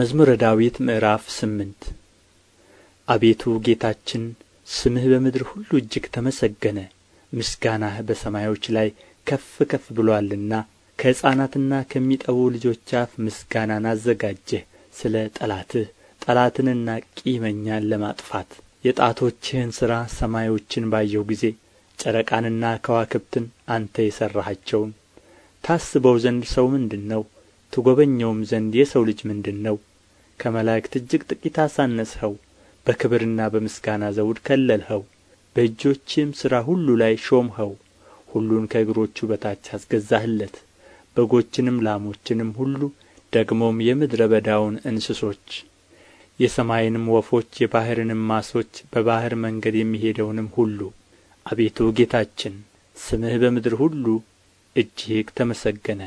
መዝሙረ ዳዊት ምዕራፍ ስምንት አቤቱ ጌታችን ስምህ በምድር ሁሉ እጅግ ተመሰገነ፣ ምስጋናህ በሰማዮች ላይ ከፍ ከፍ ብሎአልና። ከሕፃናትና ከሚጠቡ ልጆች አፍ ምስጋናን አዘጋጀህ፣ ስለ ጠላትህ ጠላትንና ቂመኛን ለማጥፋት። የጣቶችህን ሥራ ሰማዮችን ባየሁ ጊዜ ጨረቃንና ከዋክብትን አንተ የሠራሃቸውን ታስበው ዘንድ ሰው ምንድን ነው? ትጐበኘውም ዘንድ የሰው ልጅ ምንድር ነው ከመላእክት እጅግ ጥቂት አሳነስኸው በክብርና በምስጋና ዘውድ ከለልኸው በእጆችህም ሥራ ሁሉ ላይ ሾምኸው ሁሉን ከእግሮቹ በታች አስገዛህለት በጎችንም ላሞችንም ሁሉ ደግሞም የምድረ በዳውን እንስሶች የሰማይንም ወፎች የባሕርንም ማሶች በባሕር መንገድ የሚሄደውንም ሁሉ አቤቱ ጌታችን ስምህ በምድር ሁሉ እጅግ ተመሰገነ